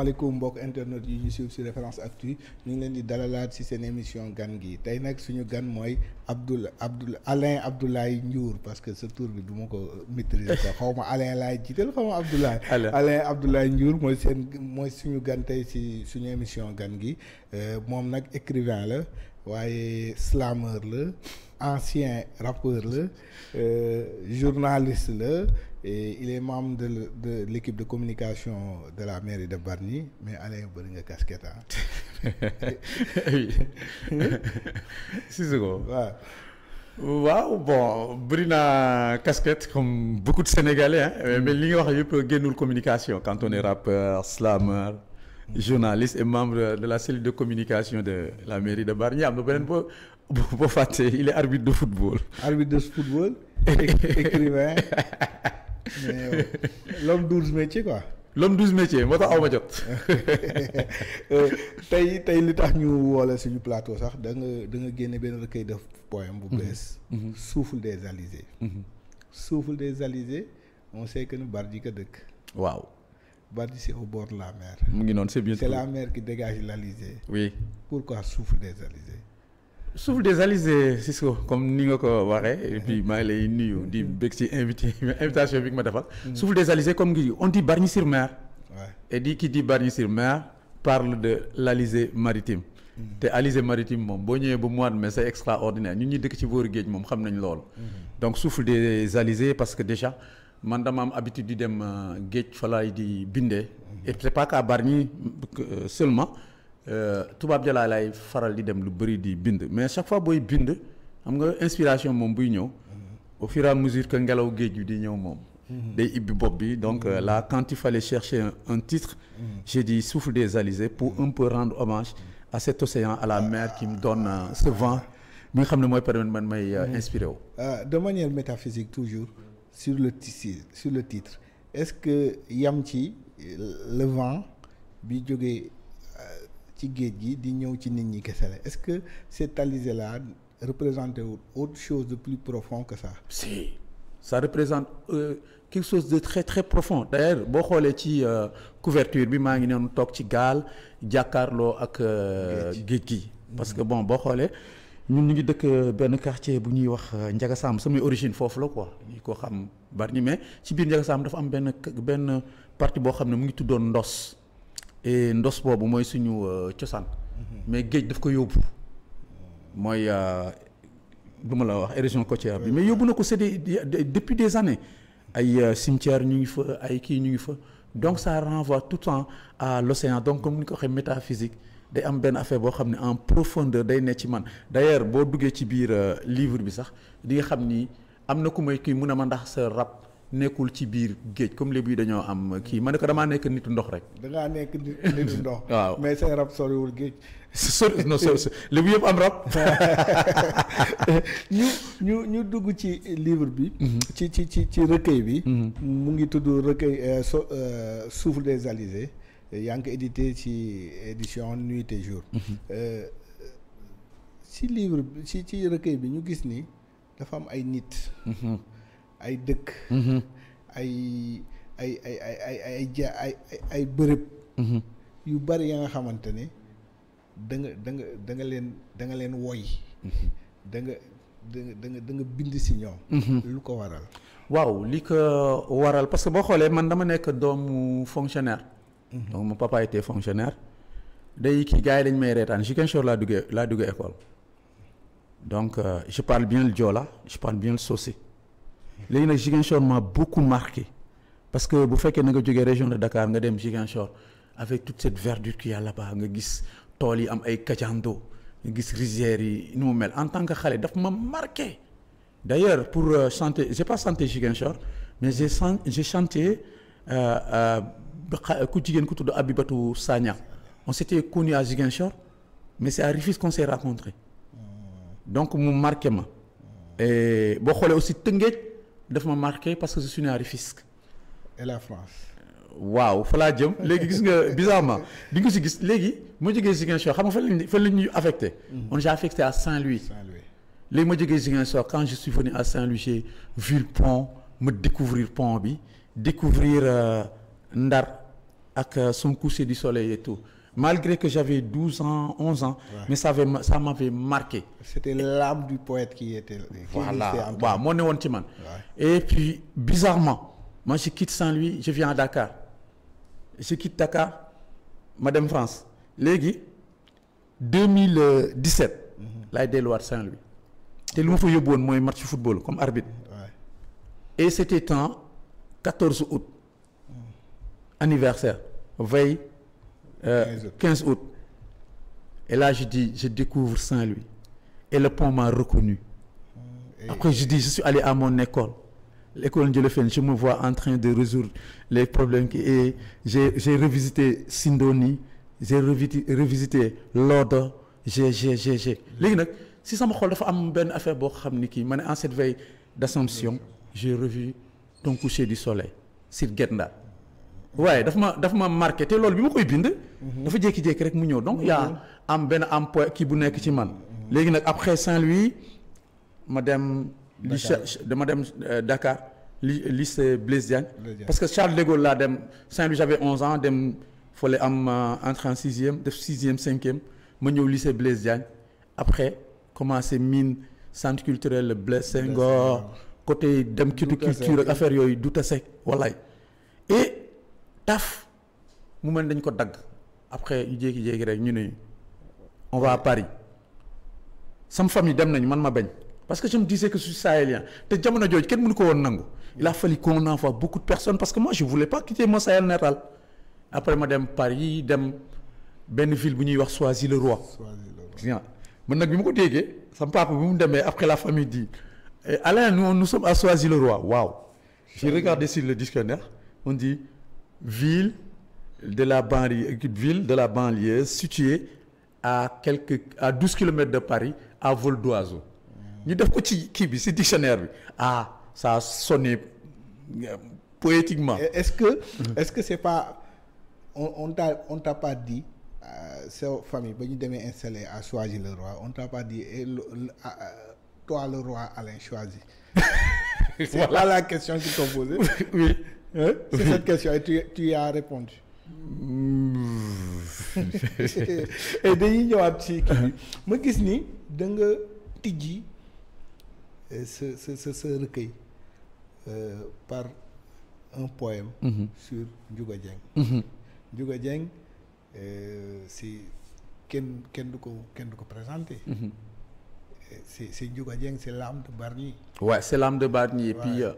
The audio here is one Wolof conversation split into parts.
asalaamaaleykum mbokk internet yi ñu suivre ci référence actu ñu ngi leen di dalalaat ci seen émission gan gi tey nag suñu gan mooy Abdoul Abdoul Alain Abdoulaye Ndiour parce que tour bi du ko maîtriser ko xaw ma laay jiital xaw ma Abdoulaye Alain Abdoulaye Ndiour mooy seen mooy suñu gan tey ci suñu émission gan gi euh, moom nag écrivain la waaye slameur la ancien rappeur la euh, journaliste la et il est membre de le, de l'équipe de communication de la mairie de Bargny mais Alain bëri nga casquette ah. oui Cissokho. waaw. waaw bon bëri naa casquette comme beaucoup de Sénégalais mm. mais li nga wax yëpp génnul communication quand on est rappeur slameur. Mm. journaliste et membre de la cellule de communication de la mairie de Bargny am na beneen boo boo fàttee il est arbitre de football. arbitre de football. écrivain. mais euh, l'homme douze métiers quoi. l'homme douze métiers moo tax aw ma jot. Euh, tey tey li tax ñu woole suñu plateau sax da nga da nga génne benn recueil de poème bu mhm. bees. Mhm. souffle des alizés. Mhm. souffle des alizés on sait que nu Bardi ka dëkk. waaw. Bardi c'est au bord la mer. mu ngi noonu c'est bien. c'est la mer qui dégage l'Alizé. oui pourquoi souffle des alizés. souffle des Alizés Cisco comme ni nga ko waxee et puis mm-hmm. maa ngi lay nuyu di mm-hmm. bëgg ci invité invitation bi nga ma defal. Mm-hmm. souffle des Alizés comme ngi on dit Bargny-sur-Mer. et di ki di Bargny-sur-Mer parle de l'Alizé maritime. te alizé maritime moom boo ñëwee ba mois de mai c'est extraordinaire ñun ñi dëkk ci booru géej moom xam nañ loolu. donc souffle des alizés parce que déjà man dama am habitude di dem euh, géej fa di bindee. et c'est pas qu'à Bargny euh, seulement. Euh, tubaab jalaa laay faral di dem lu bëri di bind mais chaque fois booy bind xam nga inspiration moom buy ñëw au fur et mesure que ngelaw géej gi di ñëw moom day ibbi bopp bi donc la euh, là quand il fallait chercher un, titre j'ai souffle des alizés pour un peu rendre hommage à cet océan à la mer qui me donne euh, ce vent bi nga xam ne mooy permettre man may euh, inspiré wu de manière métaphysique toujours sur le titre le titre est-ce que yam ci le vent bi jógee ci géej gi di ñëw ci nit ñi kese la est-ce que cette alizé là représente autre chose de plus profond que ça. si ça représente euh, quelque chose de très très profond d'ailleurs boo xoolee ci euh, couverture bi maa ngi noonu toog ci gaal jàkkaarloo ak. Euh, géej gi mm-hmm. parce que bon boo xoolee. ñun ñu ngi dëkk euh, benn quartier bu ñuy wax Njagasaam samay origine foofu la ko ñu ko xam bari mais ci biir Njagasaam dafa am benn benn partie boo xam ne mu ngi tuddoon Ndos. ndos boobu mooy suñu euh, cosaan. Mhm. mais géej daf ko yóbbu. mooy du euh, ma la wax érosion côtière bi mais yóbbu na ko c'est depuis des années ay euh, cimetière ñu ngi fa ay kii ñu ngi fa donc sa renvoie tout le temps à l'océan donc comme ni ko waxee métaphysique day am benn affaire boo xam ne en profondeur day ne ci man d'ailleurs boo duggee ci biir livre bi sax di nga xam ni am na ku may kii mun a ma ndax sa rab. nekkul ci biir géej comme léegi dañoo am kii ma ne ko damaa nekk nitu ndox rek. dangaa nekk nitu ndox. waaw mais say rab soriwul géej. sori non sori léegi yëpp am rab. ñu ñu ñu dugg ci livre bi. Mhm. ci ci ci ci bi. Mhm. mu ngi tudd recueil euh, so euh, Souffle des Alizés ci édition Nuit et Jour. Mhm. Euh, ci livre bi ci ci recueil bi ñu gis ni dafa am ay nit. ay dëkk. Mhm. ay ay ay ay ay ay ja ay ay bërëb. Mhm. yu bari ya nga xamante ne danga danga da leen da leen woy. Mhm. danga nga da bind si ñoom. lu ko waral. waaw li ko waral parce que boo xoolee man dama nekk doomu fonctionnaire. donc mon papa était fonctionnaire. day kii gars yi dañ may reetaan Ziguinchor laa duggee laa duggee école. donc euh, je parle bien le Joola je parle bien le léegi nag Ziguinchor m'a beaucoup marqué parce que bu fekkee na nga jógee région de Dakar nga dem Ziguinchor avec toute cette verdure qu'il y a là-bas nga gis tool yi am ay kacando nga gis rizières yi ni mu mel en tant que xale daf ma marqué d'ailleurs pour euh, chanter j'ai pas chanté Ziguinchor mais j'ai chan j'ai chanté euh, euh, ku jigéen ku tudd Abibatu Sagna on s'était connu à Ziguinchor mais c'est à Rufisque qu'on s'est rencontré hmm. donc mu marqué ma boo xoolee aussi Tëngéej def ma marqué parce que je suis né à et la France. waaw fa laa jëm léegi gis nga bizarrement di nga si gis léegi moo jógee Ziguinchor xam nga fan lañ fan la ñuy affecté. Mhm. on j'ai affecté à Saint-Louis. Saint-Louis léegi ma jógee Ziguinchor quand je suis venu à Saint-Louis j'ai vu le pont ma découvrir pont bi découvrir euh, Ndar ak euh, son coucher du soleil et tout. malgré que j'avais 12 ans, 11 ans, ouais. mais ça m'avait ça marqué. C'était l'âme du poète qui était. Qui voilà, bah, mon ouais. Et puis, bizarrement, moi je quitte Saint-Louis, je viens à Dakar. Je quitte Dakar, Madame France. Légui, 2017, là, il est Saint-Louis. Et le fait que moi, match football comme arbitre. Ouais. Et c'était en 14 août, mm. anniversaire, veille euh, 15 août et là je dis je découvre Saint-Louis et le pont m'a reconnu euh, après je dis je suis allé à mon école l'école Ndiolofène je me vois en train de résoudre les problèmes qui et j'ai j'ai revisité Sindoni j'ai revisité revisité Lodo j'ai j'ai j'ai léegi nag si sama xol dafa am benn affaire boo xam ni kii ma ne en cette veille d'Assomption j'ai revu Ton coucher du soleil sur Guet Ndar waaye dafa ma daf ma marqué te loolu bi ma koy bind. Mhm. dafa jékki-jékki rek mu ñëw donc yaa mhm. am benn am point kii bu nekk ci man. léegi nag après Saint-Louis ma dem. Dakar dama dem euh, Dakar li lycée Blaise Diagne. parce que Charles de laa dem Saint-Louis j'avais 11 ans dem fële am euh, entrée en sixième def sixième cinquième ma ñëw lycée Blaise Diagne après commencé mine centre culturel Blaise Senghor côté dem. culture ak affaire yooyu Douta Seck walaay. taf mu mel dañ ko dagg après yu jékki-jékki rek ñu ne on va à Paris sama famille dem nañ man ma bañ parce que je me disais que je suis te jamono jooju kenn mënu ko woon nangu il a fallu qu'on envoie beaucoup de personnes parce que moi je voulais pas quitter mon Sahel natal après ma dem Paris dem benn ville bu ñuy wax Soisy-le-Roi. soisy le nag bi ma ko déggee sama papa bi mu demee après la famille dit eh, Alain nous nous sommes à Soisy-le-Roi waaw. j'ai ville de la banlieue ville de la banlieue située à quelques à douze kilomètres de Paris à vol d'oiseau ñu def ko ci kii bi ci dictionnaire bi ah ça a sonné euh, poétiquement. est-ce que est-ce que c'est pas on on t'a on t'a pas dit. Euh, sa famille ba ñu demee installé à Choisy le roi on t'a pas dit et le ah, euh, roi Alain Choisy. c'est pas la question qu'ils t'ont posée. oui. Hein? C'est cette question et tu, tu y dañuy ñëwaat ci kii ma gis ni da nga tijji eh, sa sa sa sa recueil eh, par un poème. Mm-hmm. sur Ndiouga Dieng. Mm-hmm. Eh, si kenn kenn du ko kenn du ko présenté. si -hmm. c'est c'est Ndiouga Dieng c'est l'âme de Bargny. waaw ouais, c'est de Bargny et puis. Euh,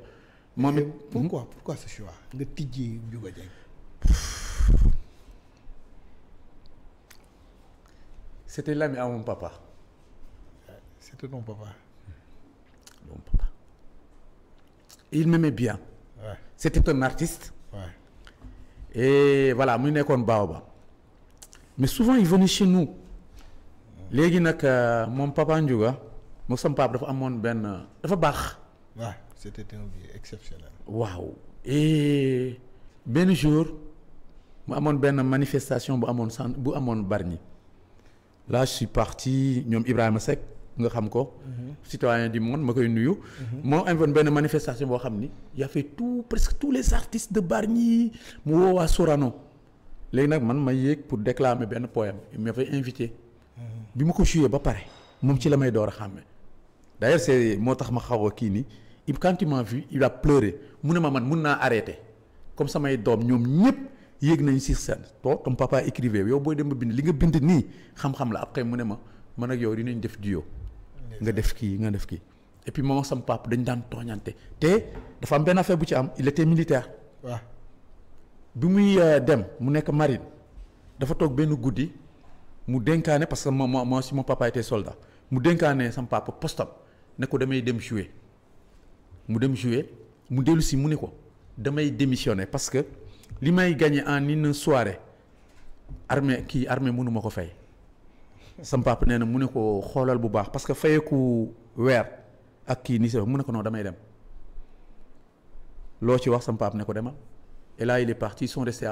moom it pourquoi pourquoi ce choix nga tijji Ndiouga Dieng. c'était l'ami à mon papa. c'était ton papa. mon bien. Ouais. c'était un artiste. Ouais. mu nekkoon ba mais souvent il venait chez léegi nag euh, moom papa Ndiouga moom papa dafa amoon benn dafa baax. c'était un billet exceptionnel. waaw et eh, benn jour mu amoon benn manifestation bu amoon sant bu amoon Bargny la je suis parti ñoom Ibrahima Seck nga xam ko. Mhm. citoyen du monde ma koy nuyu. Mhm. moo amoon benn manifestation boo xam ni y avait tout presque tous les artistes de Bargny mu woo waa Sorano léegi nag man ma yéeg pour déclamer benn poème il m'avait invité. Mhm. bi ma ko joué ba pare moom ci la may door a xàmme. d'ailleurs c'est moo tax ma xaw kii nii. il quand il a pleuré mu ne ma man mun naa arrêter comme samay doom ñoom ñëpp yéeg nañ si seen to comme papa écrivait yow booy dem ba bind li nga bind nii xam-xam la après mu ne ma man ak yow dinañ def duo nga def kii nga def kii et sam papa dañ daan tooñante te dafa am benn affaire bu ci am il militaire. waaw bi muy euh, dem mu nekk marine dafa toog benn guddi mu denkaane parce que moo moo si mon papa était soldat mu dénkaane sam papa postam ne ko demee dem jouer. mu dem jouer mu dellu si mu ni ko damay démissionner parce que li may gagné en une soirée armée kii armée mënu ko fay sam papa nee na mu ne ko xoolal bu baax parce que fayeku weer ak kii nii sax mu ne ko non damay dem loo ci wax sam papa ne ko demal et là il est parti ils sont restés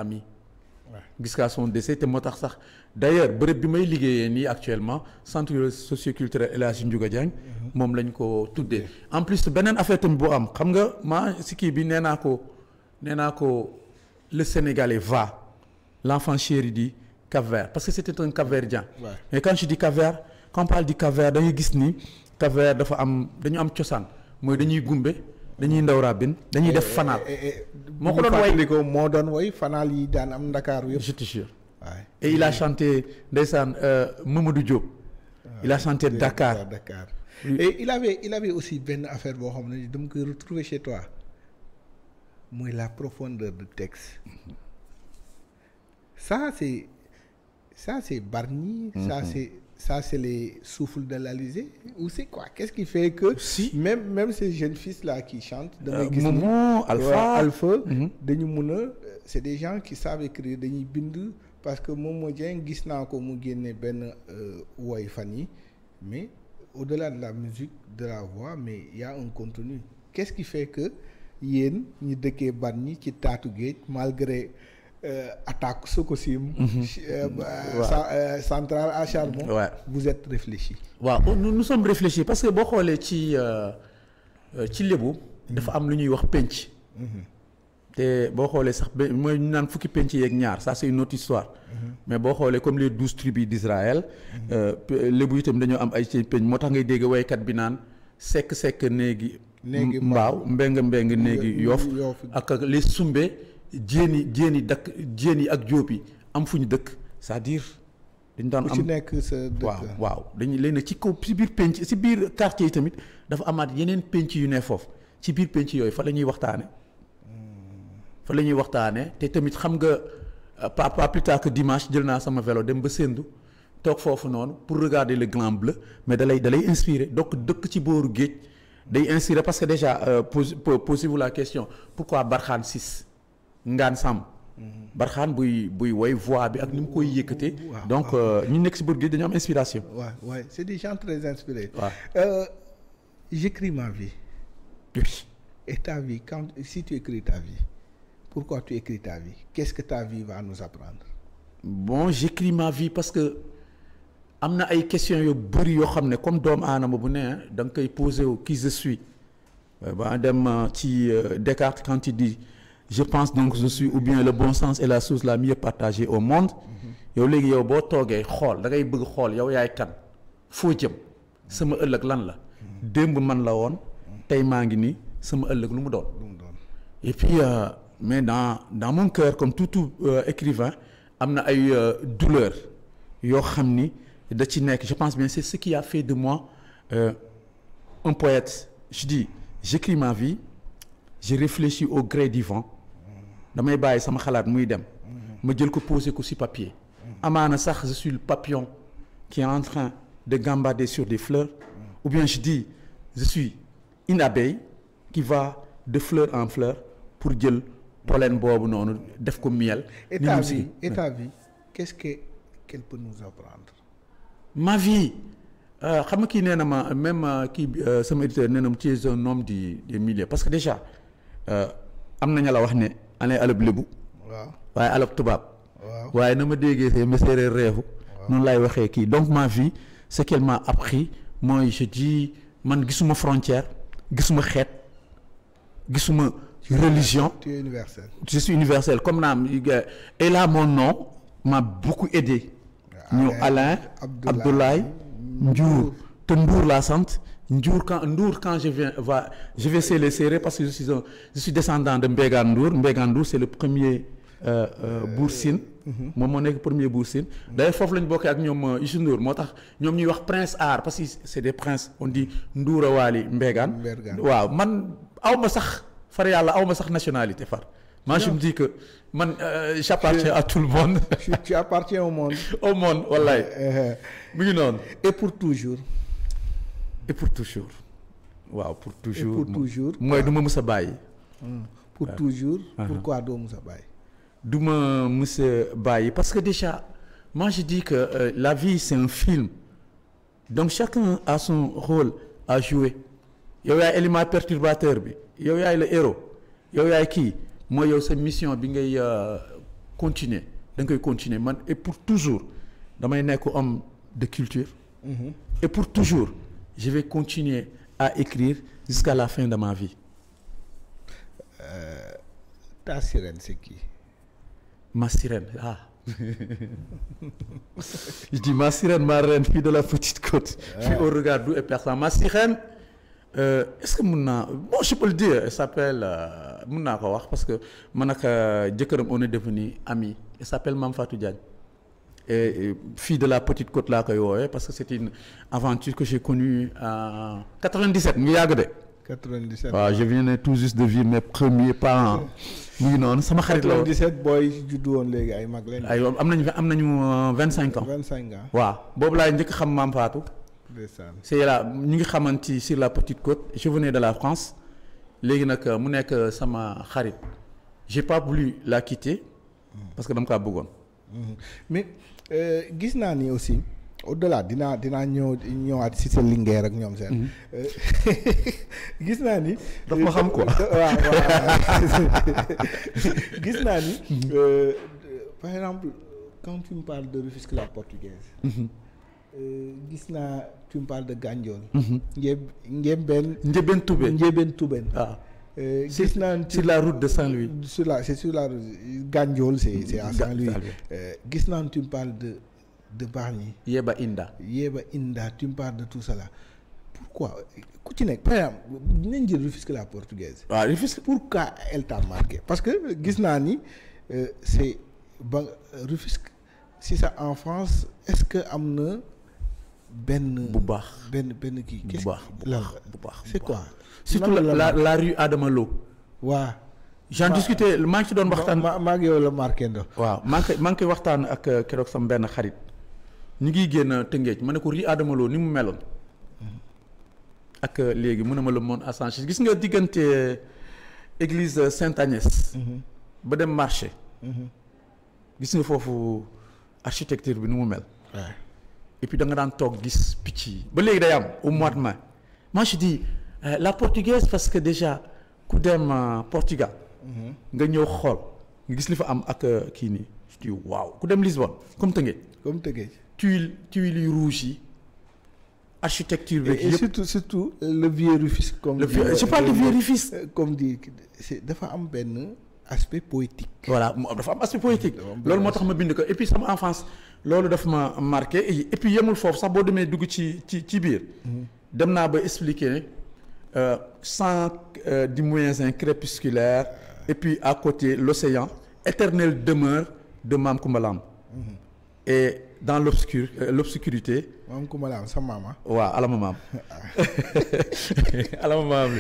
gis kaa son décès te moo tax sax d'ailleurs bërëb bi may liggéeyee nii actuellement centre socioculturel El Hadji Ndiouga Diagne moom lañ ko tuddee en plus beneen affaire tamit boo am xam nga maa si kii bi nee naa ko nee naa ko le Sénégalais va l'enfant chéri di Cap-Vert parce que c'était un Cap-Verdien mais quand di dis Cap-Vert quand on gis ni cap dafa am dañu am cosaan mooy dañuy gumbe dañuy ndaw rabin dañuy def eh, fanaal. Eh, eh, moo ko doon way fanaal yi daan am Ndakaaru yëpp. je te jure et il a chanté ndeysaan euh, Mamadou Diop. Ah, il a chanté il avait il aussi benn affaire boo xam ne dama koy retrouver chez toi mooy la profondeur de texte ça c'est ça c'est Bargny. ça mm-hmm. c'est. ça c'est les souffles de l'Alizé ou c'est que qu'est-ce qui fait que si même même ces jeunes fils là ki chante damay euh, gis Momo Alpha Alpha mhm. dañu mun a euh, c'est des gens qui savent écrire dañuy bind parce que moom Momo Dieng gis naa ko mu génne benn euh, woy fan yi mais au-delà de la musique de la voix mais il a un contenu qu'est-ce qui fait que yéen ñu dëkkee ban ñi ci taatu géej malgré Euh, attaque Sococim. Mhm. Euh, mhm. Euh, centrale à charbon. vous êtes réfléchi. waaw oh, nous nous sommes réfléchis parce que boo xoolee ci ci lébu. Mhm. dafa am lu ñuy wax penc. te boo xoolee sax mooy ñu naan fukki penc yeeg ñaar ça c'est une autre histoire. mais boo xoolee comme les douze tribus d'Israël. lébu itam dañoo am ay ci penc moo tax ngay dégg waykat bi naan sekk sekk néegi. néegi mbaaw mbeng mbeng néegi yoof ak les sumbe. jéen yi jéen yi dakk jéen yi ak jóob yi am fu ñu dëkk saa à dire dañu daan am nekk sa dëkk waaw waaw dañu léegi nag ci ko si biir penc si biir quartier yi tamit dafa amaat yeneen penc yu ne foofu ci biir penc yooyu fa la ñuy waxtaane fa la ñuy waxtaane te tamit xam nga euh, pas pas plus tard que dimanche jël naa sama velo dem ba Sendou toog foofu noonu pour regarder le Grand Bleu mais dalay dalay inspiré doc dëkk ci booru géej day inspiré parce que déjà euh, posez-vous la question pourquoi Barkhane 6 ngaan sàmm barxaan buy buy woy voix bi ak ni mu koy yëkkatee. donc euh, ñu nekk si bët dañu am inspiration. waa waaw c'est des gens très inspirés. waaw euh, j'écris ma vie. et ta vie quand si tu écris ta vie que ta vie bon j'écris ma parce que am na ay questions yu bëri yoo xam ne comme doomu aadama bu ne da nga koy poser wu qui je suis euh, ba dem ci Descartes quand il je pense donc je suis ou bien le bon sens est la source la mieux partagée au monde yow léegi yow boo toogee xool da ngay bëgg xool yow yaay kan foo jëm sama ëllëg lan la démb man la woon tey maa ngi nii sama ëllëg lu mu doon et puis euh, mais dans dans mon cœur comme tout tout euh, écrivain am na ay euh, douleur yoo xam ni da ci nekk je pense bien c'est ce qui a fait de mois euh, un poète je dis j'écris ma vie je réfléchis au gré du vent damay bàyyi sama xalaat muy dem ma jël ko posé ko ci papier mm. amaana sax je suis le papillon qui est en train de gambader sur des fleurs mm. ou bien je di je suis une abeille qui va de fleur en fleur pour jël pollen boobu noonu def ko miel. état bi état bi qu'est-ce que qu'elle ma vie euh, xam nga kii nee na ma même euh, kii euh, sama éditeur nee na ma tu nom un homme milliers parce que déjà am na ña la wax ne. anee alab lebu waaye alab tubaab waaye na ma déggee see ma reefu noonu laay waxee kii donc ma vie ce qu'elle m'a appris mooy je dis man gisuma frontière gisuma xeet gisuma religion tu es universel je suis universel comme naam et là mon nom m'a beaucoup aidé ñu Alain Abdoulaye Ndiour te Ndour laa sant Ndour quand Ndour quand je viens va je vais essayer les serrer parce que je suis un, je suis descendant de Mbégane Ndour Mbégane Ndour c'est le premier euh, euh Sine mm-hmm. moom moo nekk premier Bour Sine d'ailleurs foofu la ñu bokkee ak ñoom euh, Youssou Ndour moo tax ñoom ñuy wax prince art parce que c'est des princes on dit Ndour a waali waaw man awma sax far yàlla awma sax nationalité far moi je me dis que man euh, à tout le monde tu appartiens au monde au monde wallaay eh, eh. mu ngi noonu et pour toujours et pour toujours. waaw pour toujours et pour mooy du ma a bàyyi. Hmm. pour ah. toujours. Ah. quoi doo mës a bàyyi. du ma mës a bàyyi parce que déjà moi je di que euh, la vie c'est un film donc chacun a son rôle à jouer yow yaay élément perturbateur bi yow yaay la héros yow yaay kii mooy yow sa mission bi ngay euh, continuer da koy continuer man et pour toujours damay nekk homme de culture. Mm et pour toujours. je vais continuer à écrire jusqu'à la fin de ma vie. Euh, ta Ma sirène, ah. je dis ma sirène, ma reine, fille de la petite côte. Ah. Puis au regard d'où est personne. Ma sirène, euh, est-ce que Mouna. Bon, je peux le dire, elle s'appelle euh, Mouna Kawak parce que Manaka euh, Djekarum, on est devenus amis. Elle s'appelle Mamfatou Diagne. et de la petite côte laa koy woowee parce que c'est une aventure que j'ai connue en 97 mu yàgg de. 97 waaw je viens tout juste de vivre mes premiers parents mu ngi noonu sama xarit la 97 booy woon léegi ay mag lañ. ay am nañu am nañu 25 euh, ans 25 ans waaw boobu laay njëkk xam maam Fatou. c'est là ñu ngi xamanti sur la petite côte je venais de la France léegi nag euh, mu nekk euh, sama xarit j'ai pas voulu la quitter mm. parce que dama kaa bëggoon mm-hmm. Euh, gis naa ni aussi au delà dinaa ñëw ñëwaat si sa lingeer ak ñoom seen. Mm-hmm. Euh, gis naa ni. daf xam quoi. waaw gis naa ni. Mm-hmm. Euh, par exemple quand tu me parles de Rufisque la portugaise. Mm-hmm. gis naa tu me parles de Gandiol. njëb njëbbeen. njëbbeen Toubène njëbbeen waaw. Euh, gis naan ci la route de Saint-Louis. Euh, sur la c' est sur la route Gandiol c' euh, gis naan tu me parles de de Bargny. Yeba Inda. Yeba Inda tu me parles de tout cela pourquoi ku ci nekk par exemple jël Rufisque la portugaise. waaw Rufisque pourquoi elle t'a marqué parce que gis naa ni c' est ba Rufisque si sa enfance est ce que am na benn. bu baax benn benn kii. bu baax bu baax bu quoi. surtout la la la rue Adama Lo. waaw. j'en discutais maa ngi ci doon waxtaan. maa maa ngi yow la marqué ndo. waaw maa ngi maa ngi koy waxtaan ak euh, keroog sama benn xarit ñu ngi génn Tëngéej ma ne ko rue Adama Lo ni mu meloon. Mm-hmm. ak euh, léegi mu ne ma le monde a changé gis nga diggante euh, église Sainte Agnès. Mm-hmm. ba dem marché. Mm-hmm. gis nga foofu architecture bi nu mu mel. et puis da nga daan toog gis picc yi ba léegi day am au mois de mai Euh, la portugaise parce que déjà ku dem euh, Portugal. Mhm. nga ñëw xool nga gis li fa am ak euh, kii nii tu waaw ku dem Lisbonne comme Tëngéej. comme Tëngéej tuile tuile yu rouge yi. architecture beeg yëpp surtout surtout le vieux Rufisque. comme le vieux je comme di dafa am benn aspect poétique. voilà dafa am aspect poétique. loolu moo tax ma bind ko et puis sama enfance loolu daf ma marqué et puis yemul foofu sax boo demee dugg ci ci ci biir. Mhm. dem naa ba expliquer. euh, sans euh, du moyen crépusculaire et puis à côté l'océan éternelle demeure de Maam Kumba Lamb mm -hmm. et dans l'obscur euh, l'obscurité Maam Kumba ah. Lamb sa maama waaw alama maam alama maam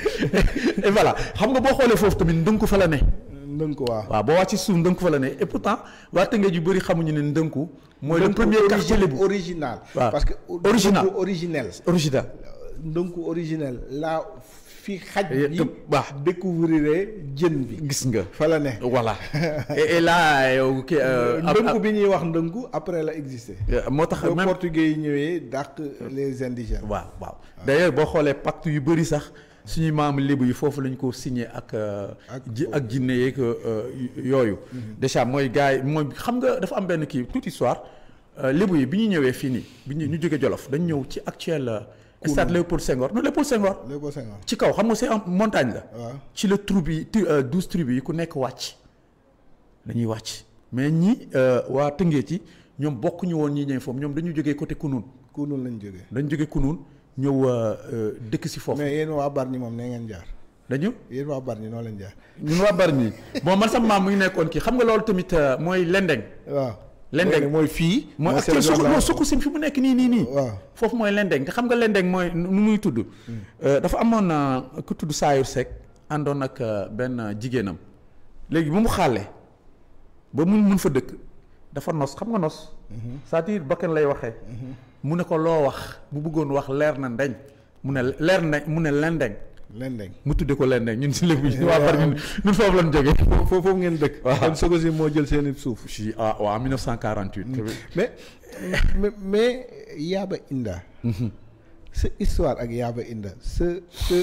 et voilà xam nga boo xoolee foofu tamit ndënku fa la ne ndënku waa waaw boo wàcc suuf ndënku fa la ne et pourtant waa Tëngéej yu bëri xamuñu ne ndënku mooy le premier quartier lébu original waaw parce que original originel original ndënku originel laa fi xaj eh, bi baax découvrir jën bi gis nga fa la ne voilà et là yow kii euh, euh, ndënku bi ñuy wax ndënku après la existé moo tax même portugais yi ñëwee dàq les indigènes waaw boo xoolee pacte yu bëri sax suñu maam lébu yi foofu lañ ko signé ak euh, ji ak jinne yeeg yooyu mhm. déjà mooy gars yi mooy xam nga dafa am benn kii toute histoire lébu yi bi ñu ñëwee fii nii bi ñu jóge Jolof dañ ñëw ci actuel stade Léopold Senghor non Léopold Senghor. Léopold Senghor ci kaw xam nga c'est en montagne la. ci la tribu euh, yi douze tribus yi ku nekk wàcc dañuy wàcc mais ñi euh, waa Tëngéej ci ñoom bokkuñu woon ñi ñëw foofu ñoom dañu jógee côté Kounoune. Kounoune lañ jógee. dañ jógee Kounoune ñëw euh, dëkk si foofu. mais yéen waa Bargny moom nee ngeen jaar. dañu yéen waa Bargny noonu lañ jaar. ñun waa Bargny bon man sama maam mu nekkoon kii xam nga loolu tamit mooy lendeng. waaw. lendeng mooy fii. mooy actuel sukk mooy sukk si mu nekk nii nii nii. foofu mooy lendeng te xam nga lendeng mooy nu muy tudd. Hmm. Euh, dafa amoon euh, ku tudd saayu Seck àndoon ak euh, benn jigéenam léegi bu mu xàlle ba mu mun fa dëkk dafa nos xam nga nos. saa à dire lay waxee. Mm-hmm. mu ne ko loo wax bu bëggoon wax leer na ndeñ mu ne leer na mu ne lendeng. Lendeng mu tudde ko Lendeng ñun si lébu ñu waa Bargny ñun foofu lañ jógee foofu ngeen dëkk kon Sogosi moo jël seen suuf si ah waaw 1948 mm. mais mais Yaba Inda mhm. sa histoire ak Yaba Inda sa sa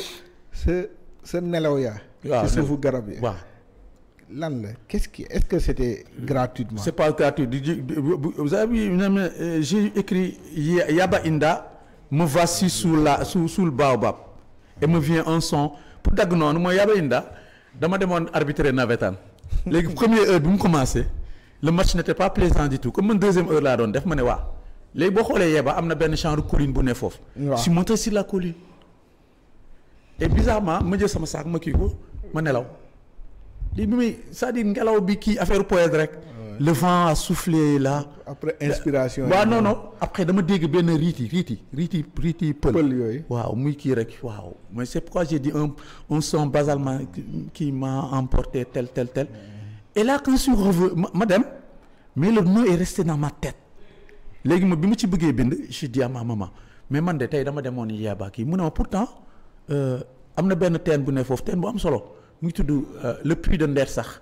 sa sa nelaw yaa waaw si suufu garab yi lan la qu'est-ce qui est-ce que c'était gratuitement c'est pas gratuit vous avez vu euh, j'ai écrit Yaba Inda me voici sous la sous suul le baobab et me vient un son pour dagg noonu mooy Yaba Inda dama demoon arbitrer navétane léegi première heure bi mu commencé le match n'était pas plaisant du tout comme man deuxième heure laa doon def ma ne waa léegi boo xoolee Yaba am na benn genre colline bu ne foofu. waaw je si monté sur la colline. et bizarrement ma jël sama saak ma kii ko ma nelaw lii bi muy cest ngelaw bi kii affaire poète rek. le vent a soufflé là. après inspiration waaw non après dama dégg benn riiti riiti riiti riiti pël. pël yooyu waaw muy kii rek waaw. mais c'est pourquoi j'ai dit un un son basalement qui m'a emporté tel tel tel et là quand ma dem mais le nom est resté dans ma tête léegi ma bi ma ci bëggee bind je dis à ma mais man de tey dama demoon yeebaa kii mu ne ma pourtant euh, am na benn teen bu ne foofu teen bu am solo mu ngi tudd euh, le puits de Ndeer sax.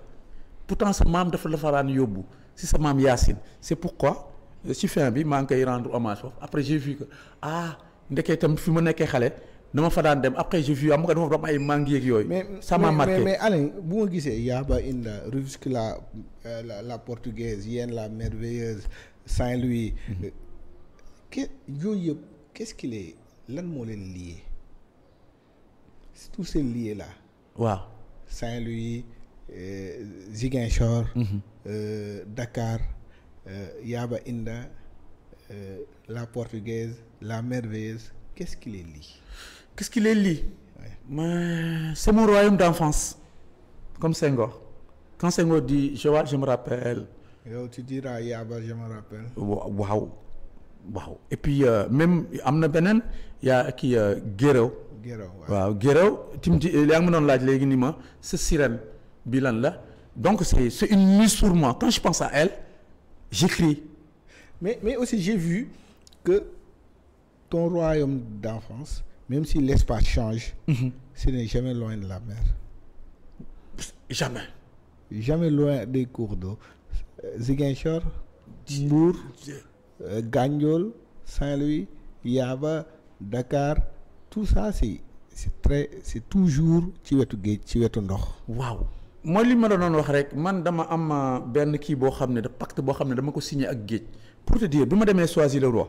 pourtant sa maam dafa la faraan yóbbu si sa maam Yacine c'est pourquoi si euh, fin bi maa ngi koy rendre hommage foofu après j'ai vu que ah ndekee itam fi ma nekkee xale dama fa daan dem après j'ai vu am nga dafa dama ay mangue yeeg yooyu. ça m'a marqué mais mais Alain bu ma gisee Yaba Inda Rufisque la euh, la la portugaise yéen la merveilleuse Saint-Louis. Mm-hmm. que yooyu yëpp qu'est-ce qu'il lan moo leen lié tous ces liés là. waaw Saint-Louis. Eh, Ziguinchor. Mhm. Eh, Dakar eh, Yaba Inda la portugaise la merveilleuse qu'est-ce qui les lie. qu'est-ce qui les lie. mais c'est royaume d'enfance comme Senghor quand Senghor dit je vois je me waaw waaw et puis euh, même am na beneen yaa kii euh, Guéréo. Guéréo waaw waaw tim ci yaa ngi ma doon laaj léegi ni ma sa sirène. bi lan la donc c'est c'est une muse pour quand je pense à elle j'écris mais mais aussi j'ai vu que ton royaume d'enfance même si l'espace change mm -hmm. ce jamais loin de la mer jamais jamais loin des cours d'eau euh, Ziguinchor Mbour euh, Gandiol Saint-Louis Yaba Dakar tout ça c'est c'est très c'est toujours ci wetu géej ci wetu ndox mooy li ma la doon wax rek man dama am benn kii boo xam ne de pacte boo xam ne dama ko signé ak géej pour te dire bi ma demee choisir le roi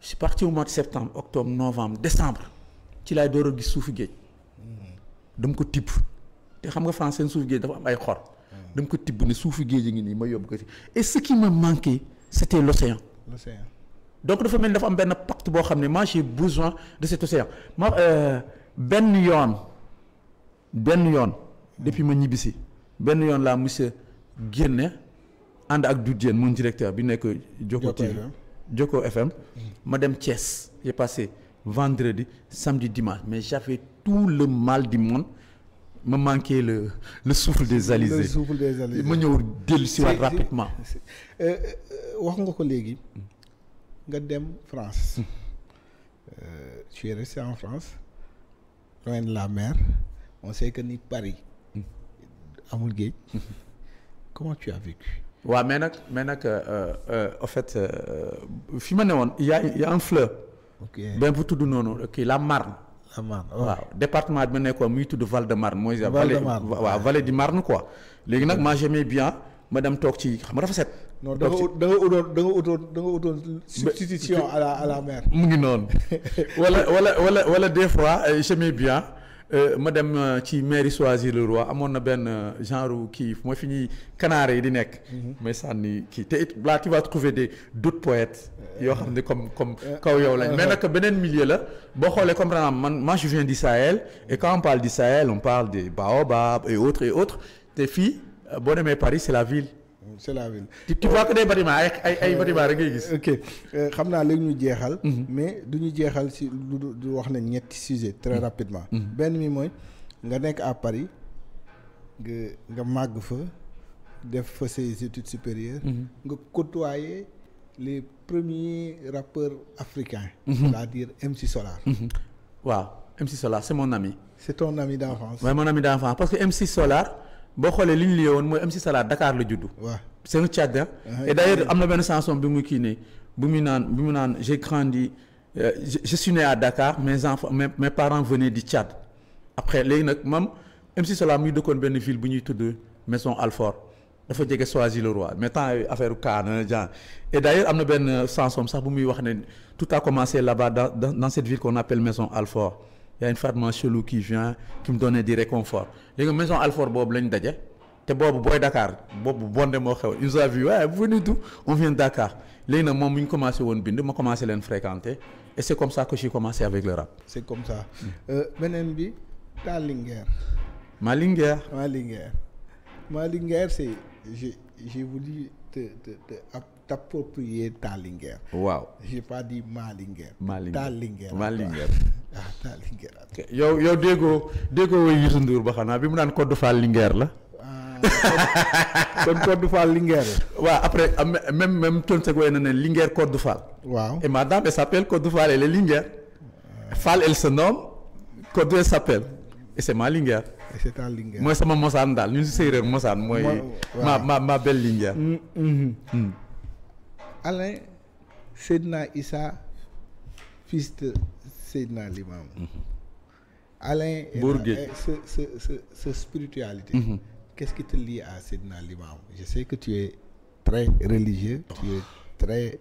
je suis parti au septembre octobre novembre décembre ci laay door a gis suufu géej dama ko tibb te xam nga France seen suufu géej dafa am ay xor dama ko tibb ne suufi géej a ngi nii ma yóbbu ko ci et ce qui m'a manqué c'était l'océan l'océan donc dafa mel ni dafa am benn pacte boo xam ne moi j'ai besoin de cet océan ma euh, benn yoon benn yoon depuis ma ñibbisi benn yoon laa monsieur génne ànd ak Doudou Diène mun directeur bi nekk Joko Joko FM mm. ma dem Thiès j'ai passé vendredi samedi dimanche mais j'avais tout le mal du monde ma manqué le le souffle des alizés le des alizés ma ñëw dellu si waat rapidement euh, euh, wax nga ko léegi nga dem France mm. euh, tu es en France loin la mer on sait que ni Paris amul géej waa mais nag mais nag euh, en euh, fait euh, fi ma ne woon y' a y' a benn bu tudd noonu kii la Marne. la Marne waaw bi ma nekkoon muy tudd Val de Marne mooy. Val de Marne Marne quoi. léegi nag ma j'aimais bien ma dem toog ci xam nga dafa set. non da nga da nga utoon da utoon substitution à la mer. mu ngi noonu wala wala wala wala des fois euh, j'aimais bien. Euh, ma dem euh, ci mairie choisir le roi amoon na benn euh, genre kii mooy fi ñuy canaare yi di nekk. Mhm. may sànni kii te it là tu trouver des d'autres poètes. yoo xam ne comme comme kaw yow lañ. mais nag beneen milieu la boo xoolee comme par man man je viens du Sahel et quand on parle du Sahel on parle des baobabs et autres et autres te fii boo demee Paris c'est la ville. c'est la ville. tu tu vois que des bâtiments ay ay ay euh, ngay gis. ok euh, xam naa léegi ñu jeexal. Mhm. mais du ñu jeexal si lu du wax na ñetti sujet très mhm. rapidement. Mhm. benn mi mooy nga nekk à Paris nga màgg fa def fa ses études supérieures. nga côtoyer les premiers rappeurs africains. c'est-à-dire MC Solar. waaw MC Solar c'est mon ami. c'est ton ami d'enfance. waaw mon ami d'enfance parce que MC Solar. boo xoolee li ñu liyee woon mooy MC Salah Dakar la judd. waaw c'est un Tchadien. Ah, et d'ailleurs am na benn chanson bi muy kii nii bu mu naan bi mu naan j'ai grandi euh, je suis né à Dakar mes enfants mes mes parents venaient du Tchad. après léegi nag moom MC Salah muy dëkkoon benn ville bu ñuy tudd Maison Alfort dafa jege Choisy-le-Roi mais temps affaire Kaana genre et d'ailleurs am na benn sanson sax bu muy wax ne tout a commencé là-bas dans dans cette ville qu'on appelle y a une femme chelou qui vient qui me donnait du réconfort léegi maison Alfort boobu lañ daje te boobu booy Dakar boobu bonde moo xew ils ont vu waaye vous venez on vient de Dakar moom mi ñu commencé woon bind ma commencé leen fréquenter et c' est comme ça que j'ai avec le rap. c' comme ça mm. euh, beneen bi ta Linguère. ma Linguère. ma Linguère ma voulu te te te t'approprier Taalinguer. waaw yow yow déggoo déggoo woy Youssou Ndour ba xanaa bi mu naan code Fall Linguère la. Ah. kon code Fall Linguère la. waaw après na ne Linguère code Fall. waaw madame elle s'appelle code Fall elle est Linguère. Ah. Fall elle se nomme code elle s'appelle et mooy sama mosaan daal ñun si séeréer mosaan mooy. ma ma Alain na Issa fils de Seydina Limamou. Mm -hmm. Alain. Bourguet eh, spiritualité. Mm -hmm. qu'est-ce qui te lie à Seydina Limamou je sais que tu es très religieux. tu es très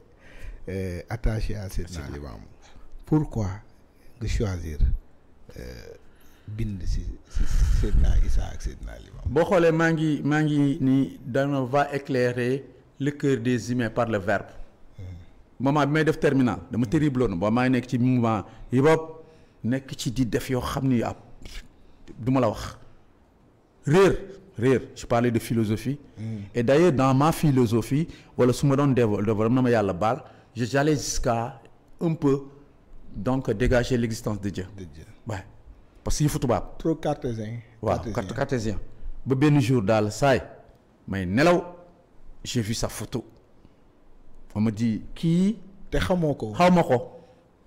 euh, attaché à Seydina Limamou. pourquoi nga choisir. Eh, bind si si Seydina Issa ak Seydina Limamou. boo xoolee maa ngi maa ngi ni dana va éclairer le cœur des humains par le verbe moment bi may def terminal dama terrible woon ba maa nekk ci moment yi bopp nekk ci di def yoo xam ni ab du la wax réer réer je parlais de philosophie mm. et d'ailleurs dans ma philosophie wala su ma doon développé na ma yàlla baal j'allais jusqu'à un peu donc dégager l'existence de Dieu de Dieu waaw parce tubaab trop cartésien waaw ba benn jour daal saay may nelaw j'ai sa photo on m'a dit kii. te xamoo ko xaw ma ko.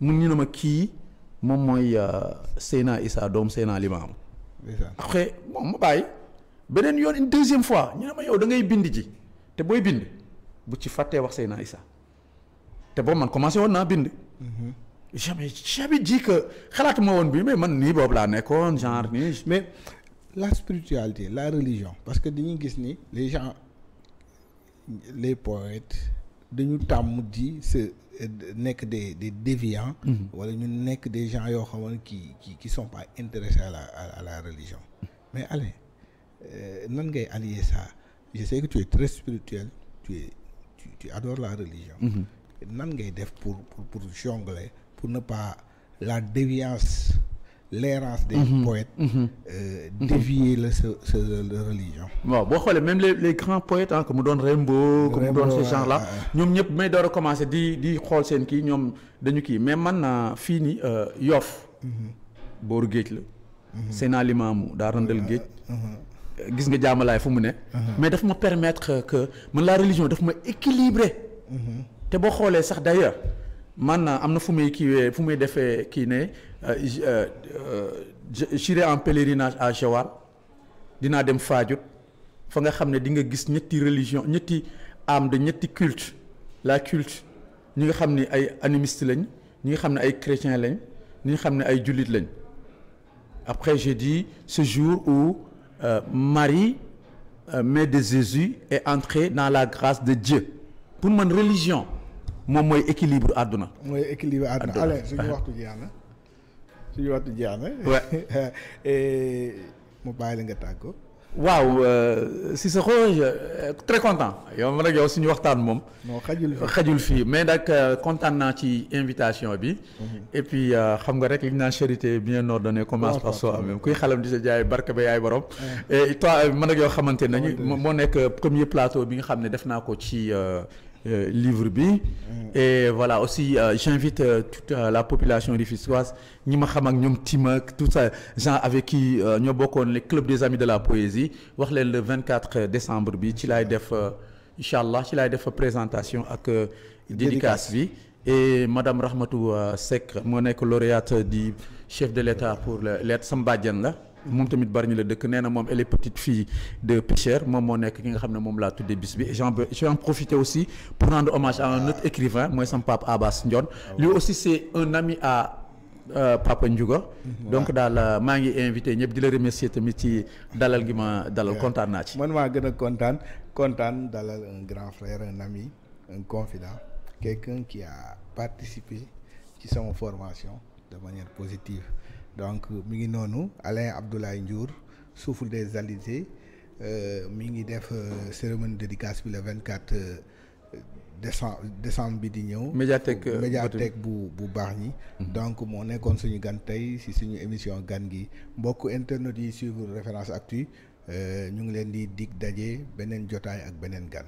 mun ñu ne ma kii moom mooy euh, Seyna Issa doom Seyna Limamou. après bon ma bàyyi. beneen yoon une deuxième fois ñu ne ma yow da ngay bind ji te booy bind bu ci fàttee wax Seyna Issa te boobu man commencé woon naa bind. Mhm. jamais jamais dit que xalaat ma woon bii mais man nii boobu laa nekkoon genre mhm. nii. mais la spiritualité la religion parce que dañuy gis ni les gens. les poètes dañu tàmm di se nekk des des déviants. Mhm. wala ñu nekk des gens yoo xam ne qui qui qui sont pas intéressés à la à la religion. mais allez euh, nan ngay allier ça je sais que tu es très spirituel tu es tu tu adores la religion. Mhm. nan ngay def pour pour pour jongler pour ne pas la déviance. l'errance des mmh, poètes mmh, euh, mhm. la sa sa religion waaw boo xoolee même les les grands poètes ah mu doon Rimbaud comme mu doon ce genre là ñoom ñëpp may door a di di xool seen kii ñoom dañu kii mais man na fii ni euh, Yoff mhm. booru géej la mhm. Seynaa Limaamu daa randal géej gis nga jaamalaay fu mu ne mais daf ma permettre que man la religion daf ma équilibré te boo xoolee sax d'ailleurs man euh, am na fu muy kiiwee fu muy defee kii ne euh, euh, j'irai en pèlerinage à Joal dinaa dem Fadiouth fa nga xam ne di nga gis ñetti religion ñetti am de ñetti culte la culte ñi nga xam ni ay animiste lañ ñi nga xam ne ay chrétien lañ ñi nga xam ne ay jullit lañ après j'ai dit ce jour où euh, Marie euh, mère de Jésus est entrée dans la grâce de Dieu pour man religion moom mooy équilibre àdduna. mooy équilibre àdduna allez suñu waxtu jeex na suñu waxtu jeex na. waaw eh, bàyyi la nga tàggoo. waaw euh, euh, très content yow man ak yow suñu waxtaan moom. xajul fii xajul fii mais nag euh, kontaan naa ci invitation bi. Mhm. et puis xam nga rek li ñu naan charité bien ordonnée commence par soi-même kuy xalam di sa jaay barke ba yaay borom. et toi man ak yow xamante nañu moo nekk premier plateau bi nga xam ne def naa ko ci. Euh, livre bi. Mm. et voilà aussi euh, j'invite euh, toute la population rufisquoise ñi ma xam ak ñoom Tima tout ça gens avec qui ñoo bokkoon le club des amis de la poésie wax leen le 24 décembre bi ci laay def incha allah ci laay def présentation ak. dédicace bi et madame Rahmatou Seck moo nekk lauréate di chef de l'État pour les lettres sama la. moom tamit bari ñu la dëkk nee na moom elle est petite fille de pêcheur moom moo nekk ki nga xam ne moom laa tuddee bis bi et j'en j'ai en profité aussi pour rendre hommage à un autre écrivain mooy sam papa Abbas Ndione lui aussi c'est un ami à euh, Papa Ndiouga donc daal euh, maa ngi invité ñëpp di la remercier tamit ci dalal gi ma dalal kontaan naa ci man maa gën a kontaan kontaan dalal un grand frère un ami un confident quelqu'un qui a participé ci sama formation de donc mi ngi noonu Alain Abdoulaye njur souffle des Alizés euh, mi ngi def euh, cérémonie dédicace bi le vingt quatre euh, décembre décembre bi di ñëw. médiathèque médiathèque bu bu baax ñi. Mhm. donc moo nekkoon suñu gan tey si suñu émission gan gi mbokk internet yi suivre référence actu ñu ngi leen di dig daje beneen jotaay ak beneen gan.